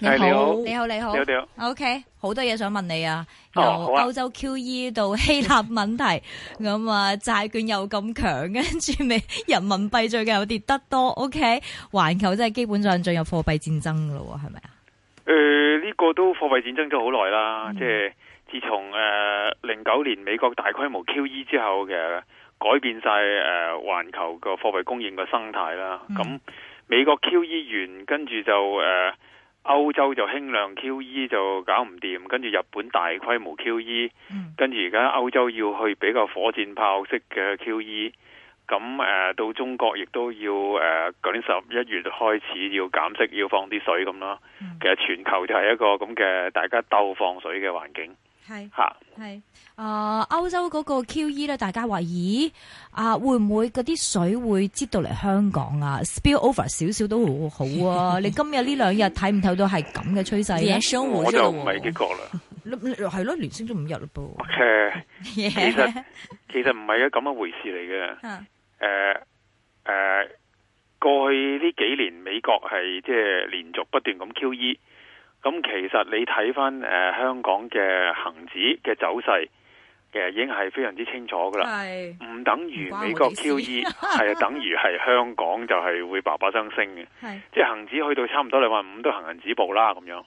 你好，你，好你好，你好，你好，你好。OK，好多嘢想問你啊，由歐洲 QE 到希臘問題，咁、哦、啊債券又咁強，跟住好，人民幣最近又跌得多。OK，環球真係基本上進入貨幣戰爭咯，係咪啊？誒、呃、呢、這個都貨幣戰爭咗好耐啦，即係自從誒零九年美國大規模 QE 之後嘅改變晒誒環球個貨幣供應嘅生態啦。咁、嗯、美國 QE 完，跟住就誒。呃歐洲就輕量 QE 就搞唔掂，跟住日本大規模 QE，、嗯、跟住而家歐洲要去比較火箭炮式嘅 QE，咁誒、呃、到中國亦都要誒舊、呃、年十一月開始要減息，要放啲水咁啦、嗯。其實全球就係一個咁嘅大家鬥放水嘅環境。係，係，誒、呃，歐洲嗰個 QE 咧，大家懷疑啊，會唔會嗰啲水會擠到嚟香港啊？Spill over 少少都好好啊！ 你今日呢兩日睇唔睇到係咁嘅趨勢咧？我就唔係呢個啦，係 咯，連升咗五日喇噃。其實其實唔係啊咁一回事嚟嘅，誒 誒、呃呃，過去呢幾年美國係即係連續不斷咁 QE。咁其實你睇翻誒香港嘅恒指嘅走勢，其、呃、實已經係非常之清楚噶啦，唔等於美國 QE，係 等於係香港就係會步步上升嘅。即係恒指去到差唔多兩萬五都行人止步啦咁樣。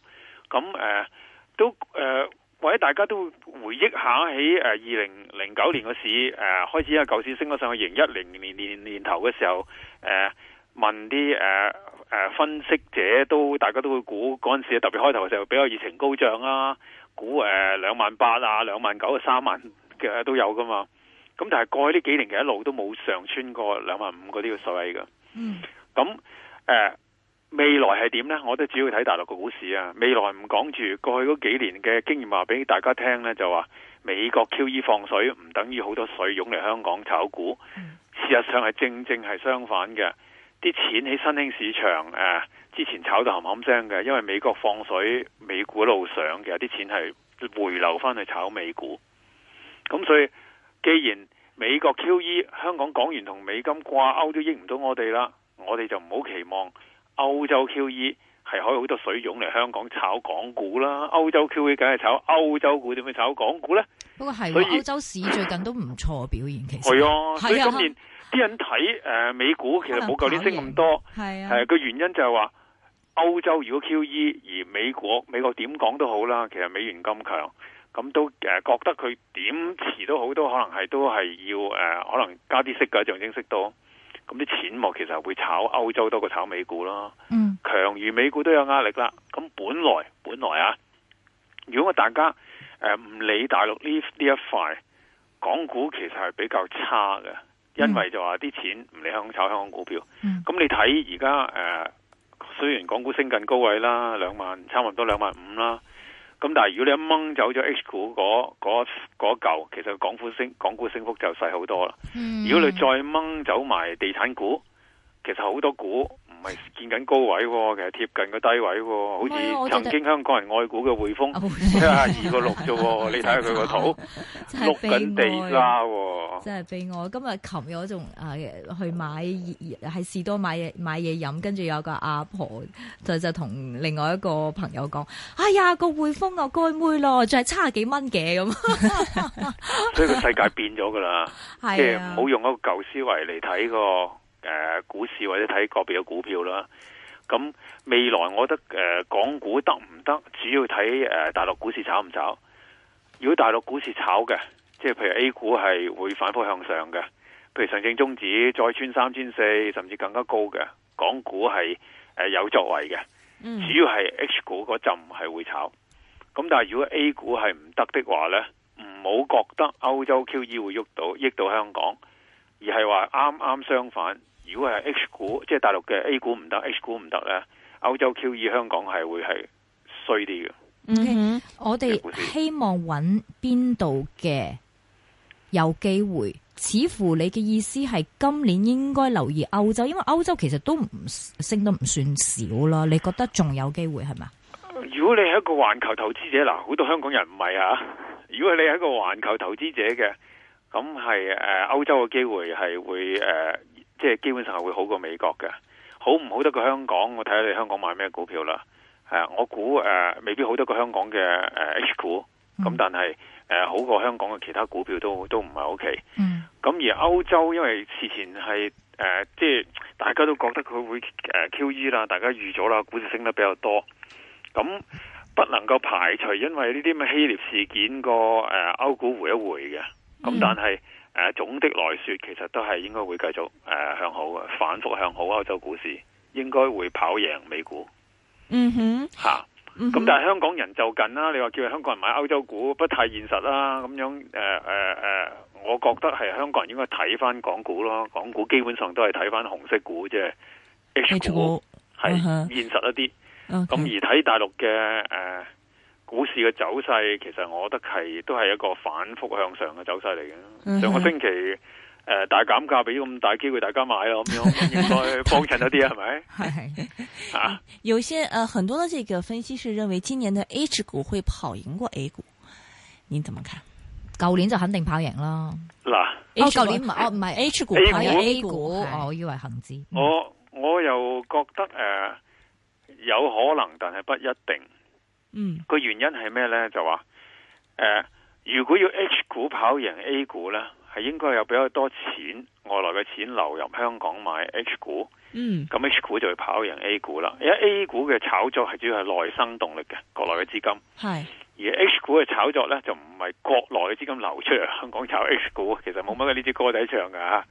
咁誒、呃、都誒，或、呃、者大家都回憶下喺誒二零零九年嘅市誒、呃、開始啊舊市升咗上去二零一零年年年頭嘅時候誒、呃、問啲誒。呃誒、呃，分析者都大家都會估嗰陣時特別開頭嘅時候，時候比較熱情高漲啦、啊，估誒兩萬八啊、兩萬九啊、三萬嘅都有㗎嘛。咁但係過去呢幾年嘅一路都冇上穿過兩萬五嗰啲嘅水位㗎。嗯。咁誒、呃，未來係點呢？我都主要睇大陸嘅股市啊。未來唔講住過去嗰幾年嘅經驗話俾大家聽呢，就話美國 QE 放水唔等於好多水湧嚟香港炒股。嗯、事實上係正正係相反嘅。啲錢喺新興市場誒、啊，之前炒到冚冚聲嘅，因為美國放水，美股一路上嘅，啲錢係回流翻去炒美股。咁所以，既然美國 QE，香港港元同美金掛鈎都益唔到我哋啦，我哋就唔好期望歐洲 QE 係可以好多水湧嚟香港炒港股啦。歐洲 QE 梗係炒歐洲股，點去炒港股呢？不過係，所以歐洲市最近都唔錯表現，咳咳其實係啊，所以今年……啲人睇美股其實冇舊年升咁多，係啊，個原因就係話歐洲如果 QE 而美國美國點講都好啦，其實美元咁強，咁都覺得佢點遲都好，都可能係都係要可能加啲息嘅，上昇識到咁啲錢幕其實會炒歐洲多過炒美股咯。強如美股都有壓力啦。咁本來本來啊，如果我大家誒唔理大陸呢呢一塊，港股其實係比較差嘅。因為就話啲錢唔嚟香港炒香港股票，咁、嗯、你睇而家誒，雖然港股升近高位啦，兩萬差唔多兩萬五啦，咁但係如果你一掹走咗 H 股嗰嗰嗰嚿，其實港股升港股升幅就細好多啦、嗯。如果你再掹走埋地產股，其實好多股。唔係見緊高位，其實貼近個低位，好似曾經香港人愛股嘅匯豐七十二個六啫， 你睇 下佢個圖，六緊地啦，真係悲哀。今日琴日仲誒去買喺士多買嘢、買嘢飲，跟住有個阿婆，婆就就同另外一個朋友講，哎呀，個匯豐啊，該妹咯，仲係七十幾蚊嘅咁。 所以個世界變咗噶啦，即係唔好用一個舊思維嚟睇個。誒，股市或者睇個別嘅股票啦。咁未來我覺得誒，港股得唔得，主要睇誒大陸股市炒唔炒。如果大陸股市炒嘅，即係譬如 A 股係會反復向上嘅，譬如上證綜指再穿三千四，甚至更加高嘅，港股係誒有作為嘅。主要係 H 股嗰陣係會炒。咁、嗯、但係如果 A 股係唔得的話呢，唔好覺得歐洲 QE 會喐到益到香港，而係話啱啱相反。如果係 H 股，即係大陸嘅 A 股唔得，H 股唔得咧，歐洲 QE 香港係會係衰啲嘅。嗯、okay.，okay. 我哋希望揾邊度嘅有機會。似乎你嘅意思係今年應該留意歐洲，因為歐洲其實都唔升得唔算少啦。你覺得仲有機會係咪？如果你係一個環球投資者嗱，好多香港人唔係啊。如果你係一個環球投資者嘅，咁係誒歐洲嘅機會係會誒。呃即係基本上係會好過美國嘅，好唔好得過香港？我睇下你香港買咩股票啦。啊，我估誒、呃、未必好得過香港嘅誒 H 股，咁但係誒好過香港嘅，呃、其他股票都都唔係 OK。嗯。咁而歐洲因為事前係誒即係大家都覺得佢會誒 QE 啦，大家預咗啦，股市升得比較多。咁不能夠排除因為呢啲咁嘅希臘事件個誒歐股回一回嘅。咁但係。嗯誒、呃，總的來說，其實都係應該會繼續誒、呃、向好嘅，反復向好。歐洲股市應該會跑贏美股。Mm -hmm. 啊 mm -hmm. 嗯哼，吓，咁但係香港人就近啦，你話叫香港人買歐洲股，不太現實啦。咁樣誒誒誒，我覺得係香港人應該睇翻港股咯，港股基本上都係睇翻紅色股，即、mm、係 -hmm. H 股係、mm -hmm. 現實一啲。咁、okay. 而睇大陸嘅誒。呃股市嘅走勢其實我覺得係都係一個反覆向上嘅走勢嚟嘅，嗯。上個星期誒、嗯呃、大減價俾咁大機會大家買咯，咁樣應該幫襯咗啲係咪？係、嗯、吓、嗯嗯嗯嗯嗯，有些誒、呃，很多的這個分析師認為今年的 H 股會跑贏過 A 股，你怎麼看？舊年就肯定跑贏啦。嗱、啊，我舊年唔係，我唔係 H 股跑贏 A 股，A 股我，我以為恒指、嗯。我我又覺得誒、呃、有可能，但係不一定。個原因係咩呢？就話誒、呃，如果要 H 股跑贏 A 股呢，係應該有比較多錢，外來嘅錢流入香港買 H 股。嗯，咁 H 股就會跑贏 A 股啦。因為 A 股嘅炒作係主要係內生動力嘅，國內嘅資金係。而 H 股嘅炒作呢，就唔係國內嘅資金流出嚟香港炒 H 股，其實冇乜呢支歌仔唱噶吓。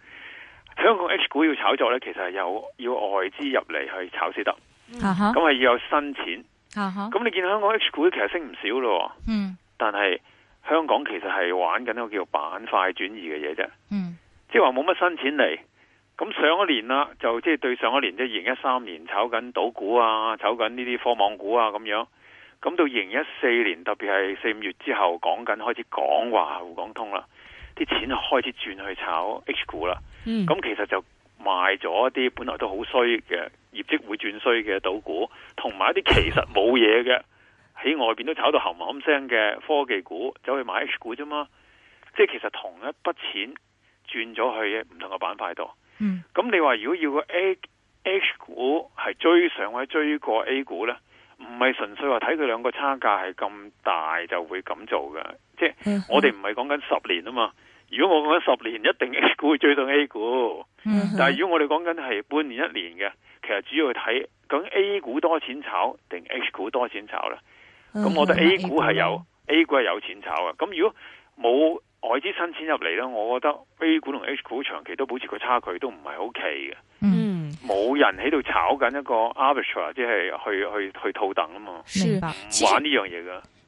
香港 H 股要炒作呢，其實係有要外資入嚟去炒先得。咁、嗯、係要有新錢。咁你見到香港 H 股其實升唔少咯，嗯，但係香港其實係玩緊一個叫做板塊轉移嘅嘢啫，嗯，即係話冇乜新錢嚟，咁上一年啦，就即係、就是、對上一年即係二零一三年炒緊賭股啊，炒緊呢啲科網股啊咁樣，咁到二零一四年特別係四五月之後講緊開始講話滬港通啦，啲錢就開始轉去炒 H 股啦，嗯，咁其實就。賣咗一啲本來都好衰嘅業績會轉衰嘅賭股，同埋一啲其實冇嘢嘅喺外邊都炒到冚冚聲嘅科技股，走去買 H 股啫嘛。即係其實同一筆錢轉咗去唔同嘅板塊度。嗯，咁你話如果要個 A H 股係追上或者追過 A 股呢？唔係純粹話睇佢兩個差價係咁大就會咁做嘅。即係我哋唔係講緊十年啊嘛。如果我講十年一定 A 股會追到 A 股，mm -hmm. 但係如果我哋講緊係半年一年嘅，其實主要睇究竟 A 股多錢炒定 H 股多錢炒啦。咁、mm -hmm. 我覺得 A 股係有、mm -hmm. A 股係有，有錢炒嘅。咁如果冇外資新錢入嚟咧，我覺得 A 股同 H 股長期都保持個差距都唔係好奇嘅。嗯，冇人喺度炒緊一個 arbitrage 即係去去去，去套戥啊嘛，唔玩呢樣嘢噶。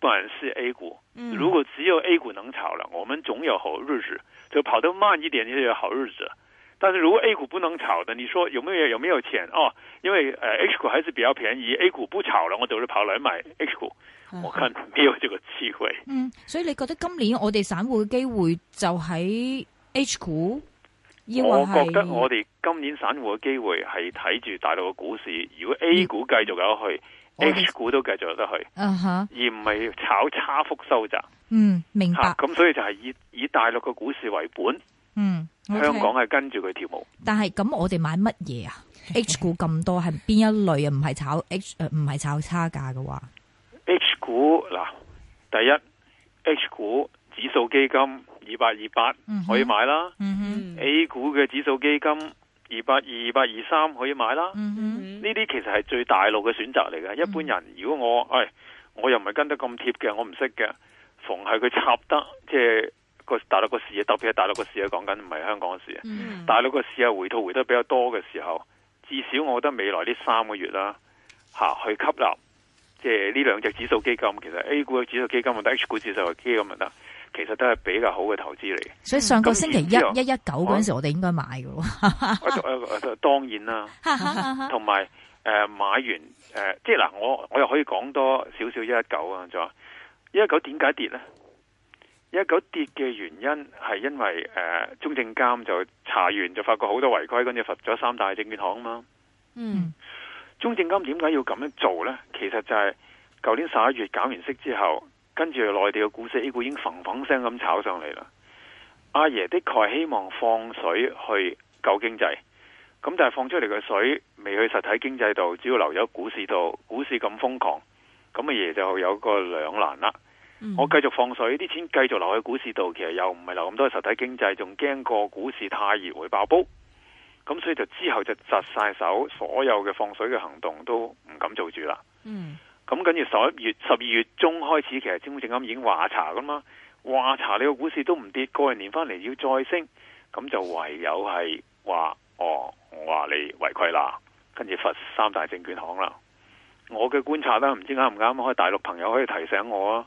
不然是 A 股，如果只有 A 股能炒了，我們總有好日子，就跑得慢一點就有好日子。但是如果 A 股不能炒的，你說有沒有有沒有錢哦？因為誒，H 股還是比較便宜，A 股不炒了，我就是跑嚟買 H 股，嗯，我看沒有這個機會。嗯，所以你覺得今年我哋散戶嘅機會就喺 H 股是？我覺得我哋今年散戶嘅機會係睇住大陸嘅股市，如果 A 股繼續搞去。H 股都繼續得去，Uh-huh. 而唔係炒差幅收窄。嗯，明白。咁、啊、所以就係以以大陸嘅股市為本，嗯，香港係跟住佢跳舞。Okay. 但係咁我哋買乜嘢啊？H 股咁多係邊一類啊？唔係炒 H，唔、呃、唔係炒差價嘅話，H 股嗱，第一 H 股指數基金二八二八可以買啦。嗯、A 股嘅指數基金。二百二百二三可以買啦，呢、mm、啲 -hmm. 其實係最大路嘅選擇嚟嘅。一般人、mm -hmm. 如果我，哎，我又唔係跟得咁貼嘅，我唔識嘅。逢係佢插得，即係個大陸個市啊，特別係大陸個市啊，講緊唔係香港市啊。Mm -hmm. 大陸個市啊，回吐回得比較多嘅時候，至少我覺得未來呢三個月啦，嚇、啊、去吸納，即係呢兩隻指數基金，其實 A 股嘅指數基金或者 H 股指數基金咁啊。其實都係比較好嘅投資嚟，所以上個星期一、嗯、一一九嗰陣時候我們的，我哋應該買嘅。當然啦，同埋誒買完誒、呃，即係嗱，我我又可以講多少少一一九啊，就話一一九點解跌呢？一一九跌嘅原因係因為誒、呃，中證監就查完就發覺好多違規，跟住罰咗三大證券行啊嘛。嗯，中證監點解要咁樣做呢？其實就係舊年十一月減完息之後，跟住內地嘅股市 A 股已經唪唪聲咁炒上嚟啦，阿爺的確係希望放水去救經濟，咁但係放出嚟嘅水未去實體經濟度，只要留咗股市度，股市咁瘋狂，咁阿爺就有個兩難啦。我繼續放水，啲錢繼續留喺股市度，其實又唔係留咁多實體經濟，仲驚過股市太熱會爆煲，咁所以就之後就窒晒手，所有嘅放水嘅行動都唔敢做住啦。嗯咁跟住十一月、十二月中開始，其實政府證監已經話查噶嘛，話查你個股市都唔跌，過年翻嚟要再升，咁就唯有係話，哦，我話你違規啦，跟住罰三大證券行啦。我嘅觀察咧，唔知啱唔啱，開大陸朋友可以提醒我啊。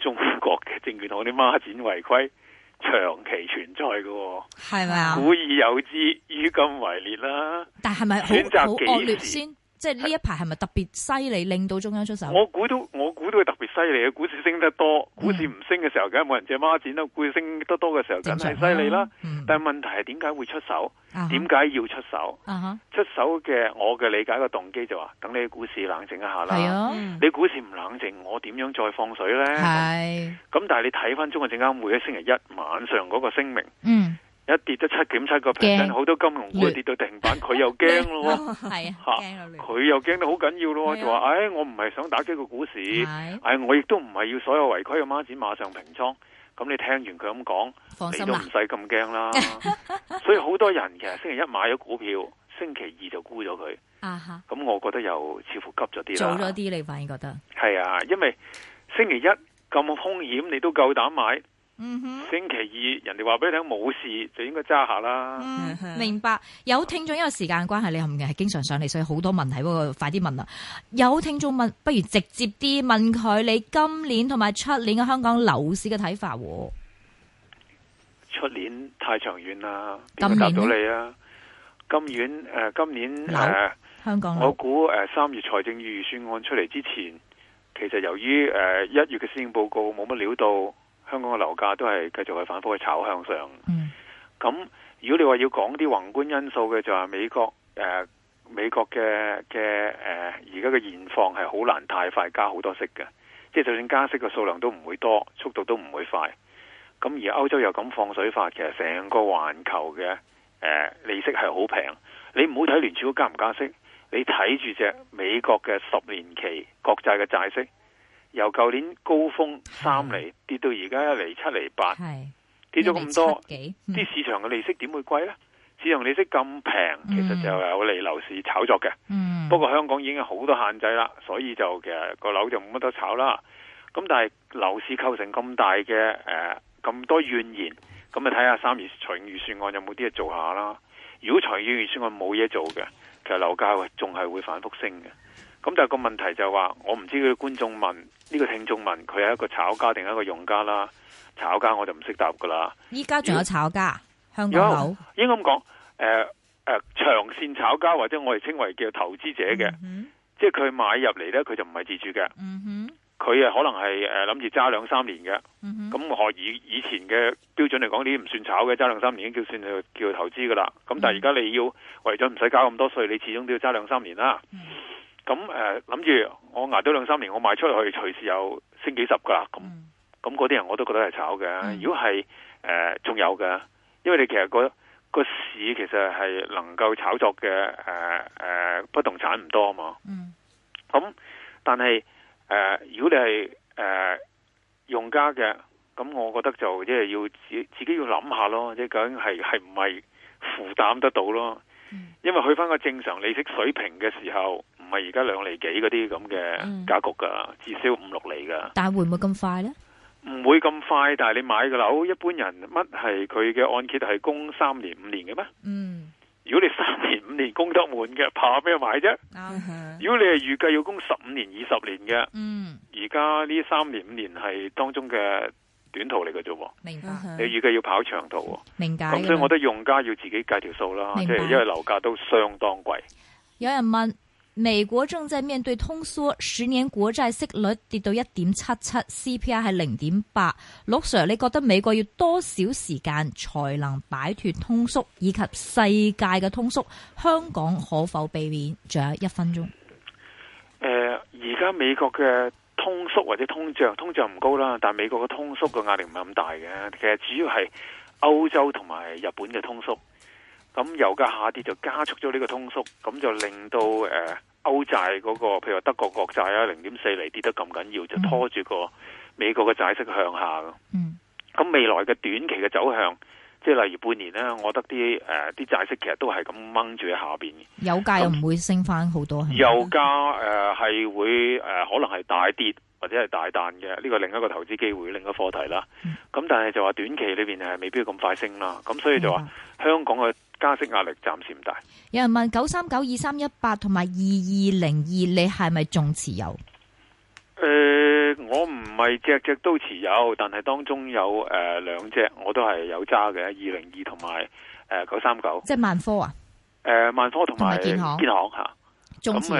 中國嘅證券行啲孖展違規長期存在㗎係咪啊？古已有之，於今為烈啦、啊。但係咪好好惡劣先？即係呢一排係咪特別犀利，令到中央出手？我估都，我估都特別犀利嘅。股市升得多，股市唔升嘅時候，梗係冇人借孖展啦。股市升得多嘅時候，梗係犀利啦。但係問題係點解會出手？點、啊、解要出手？啊、出手嘅我嘅理解嘅動機就話，等你嘅股市冷靜一下啦、啊。你股市唔冷靜，我點樣再放水呢？係。咁但係你睇翻中國證監會每一星期一晚上嗰個聲明。嗯。一跌得七點七個 percent，e 好多金融股跌到停板，佢又驚咯，嚇 佢、啊啊、又驚得好緊要咯，就話、啊，唉、哎，我唔係想打擊個股市，唉、啊哎，我亦都唔係要所有違規嘅孖子馬上平倉。咁你聽完佢咁講，你都唔使咁驚啦。所以好多人其實星期一買咗股票，星期二就沽咗佢。咁、啊、我覺得又似乎急咗啲，早咗啲，你反而覺得係啊，因為星期一咁風險，你都夠膽買。嗯、星期二人哋話俾你聽冇事，就應該揸下啦、嗯。明白，有聽眾，因為時間關係，你唔係經常上嚟，所以好多問題，快啲問啊！有聽眾問，不如直接啲問佢，你今年同埋出年嘅香港樓市嘅睇法。出年太長遠啦，點答到你啊？今年誒，今、呃、年香港我估誒，三月財政預算案出嚟之前，其實由於誒一月嘅施政報告冇乜料到。香港嘅樓價都係繼續去反覆去炒向上。咁如果你話要講啲宏觀因素嘅，就係美國誒、呃、美國嘅嘅誒而家嘅現況係好難太快加好多息嘅，即係就算加息嘅數量都唔會多，速度都唔會快。咁而歐洲又咁放水法，其實成個環球嘅誒、呃、利息係好平。你唔好睇聯儲會加唔加息，你睇住隻美國嘅十年期國債嘅債息。由舊年高峰三厘、啊、跌到而家一厘七厘八，跌咗咁多，啲、嗯、市場嘅利息點會貴呢？市場利息咁平，其實就有利樓市炒作嘅、嗯。不過香港已經好多限制啦，所以就其實個樓就冇乜得炒啦。咁但係樓市構成咁大嘅誒，咁、呃、多怨言，咁咪睇下三月財政預算案有冇啲嘢做下啦。如果財政預算案冇嘢做嘅，其實樓價仲係會反覆升嘅。咁就個問題就係話，我唔知佢觀眾問呢個聽眾問佢係一個炒家定係一個用家啦？炒家我就唔識答噶啦。依家仲有炒家香港有，應該咁講，誒誒、呃呃，長線炒家或者我哋稱為叫投資者嘅、嗯，即係佢買入嚟咧，佢就唔係自住嘅。嗯，佢啊可能係誒諗住揸兩三年嘅。嗯咁何、嗯、以以前嘅標準嚟講，呢啲唔算炒嘅，揸兩三年已經算叫算叫投資噶啦。咁但係而家你要、嗯、為咗唔使交咁多稅，你始終都要揸兩三年啦。嗯咁誒，諗、呃、住我挨多兩三年，我賣出去隨時有升幾十噶啦。咁咁嗰啲人我都覺得係炒嘅。Mm. 如果係誒仲有嘅，因為你其實個個市其實係能夠炒作嘅，誒誒，不動產唔多嘛。咁、mm. 但係誒、呃，如果你係誒、呃、用家嘅，咁我覺得就即係、就是、要自己自己要諗下咯，即、就、係、是、究竟係係唔係負擔得到咯？Mm. 因為去翻個正常利息水平嘅時候。唔係而家兩厘幾嗰啲咁嘅格局噶、嗯，至少五六厘噶。但會唔會咁快呢？唔會咁快，但係你買嘅樓，一般人乜係佢嘅按揭係供三年五年嘅咩？嗯，如果你三年五年供得滿嘅，怕咩買啫、嗯？如果你係預計要供十五年二十年嘅，嗯，而家呢三年五年係當中嘅短途嚟㗎啫。明白。你預計要跑長途，明白。咁所以我覺得用家要自己計條數啦，即係、就是、因為樓價都相當貴。有人問。美國正在面對通縮，十年國債息率跌到一點七七，CPI 係零點八。陸 Sir，你覺得美國要多少時間才能擺脫通縮，以及世界嘅通縮？香港可否避免？仲有一分鐘。呃，而家美國嘅通縮或者通脹，通脹唔高啦，但係美國嘅通縮嘅壓力唔係咁大嘅。其實主要係歐洲同埋日本嘅通縮，咁油價下跌就加速咗呢個通縮，咁就令到誒。呃歐債嗰個，譬如話德國國債啊，零點四厘跌得咁緊要，就拖住個美國嘅債息向下嘅。咁、嗯、未來嘅短期嘅走向，即係例如半年咧，我覺得啲誒啲債息其實都係咁掹住喺下邊嘅。油價又唔會升翻好多。油價誒係會誒、呃、可能係大跌或者係大彈嘅，呢、這個另一個投資機會，另一個課題啦。咁、嗯、但係就話短期裏邊係未必咁快升啦。咁所以就話香港嘅。加息壓力暫時唔大。有人問九三九、二三一八同埋二二零二，你係咪仲持有？誒、呃，我唔係只只都持有，但係當中有誒兩隻我都係有揸嘅，二零二同埋誒九三九。即係萬科啊？誒、呃，萬科同埋建行，建行吓。仲、啊、持有？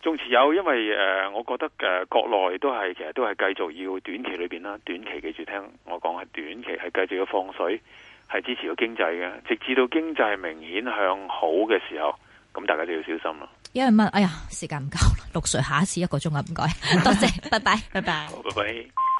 仲、嗯呃、持有？因為誒、呃，我覺得誒、呃呃，國內都係其實都係繼續要短期裡邊啦。短期記住聽我講，係短期係繼續要放水。係支持到經濟嘅，直至到經濟明顯向好嘅時候，咁大家就要小心啦。因為乜？哎呀，時間唔夠陸 Sir 下一次一個鐘啊，唔該，多謝， 拜拜，拜拜，好，拜拜。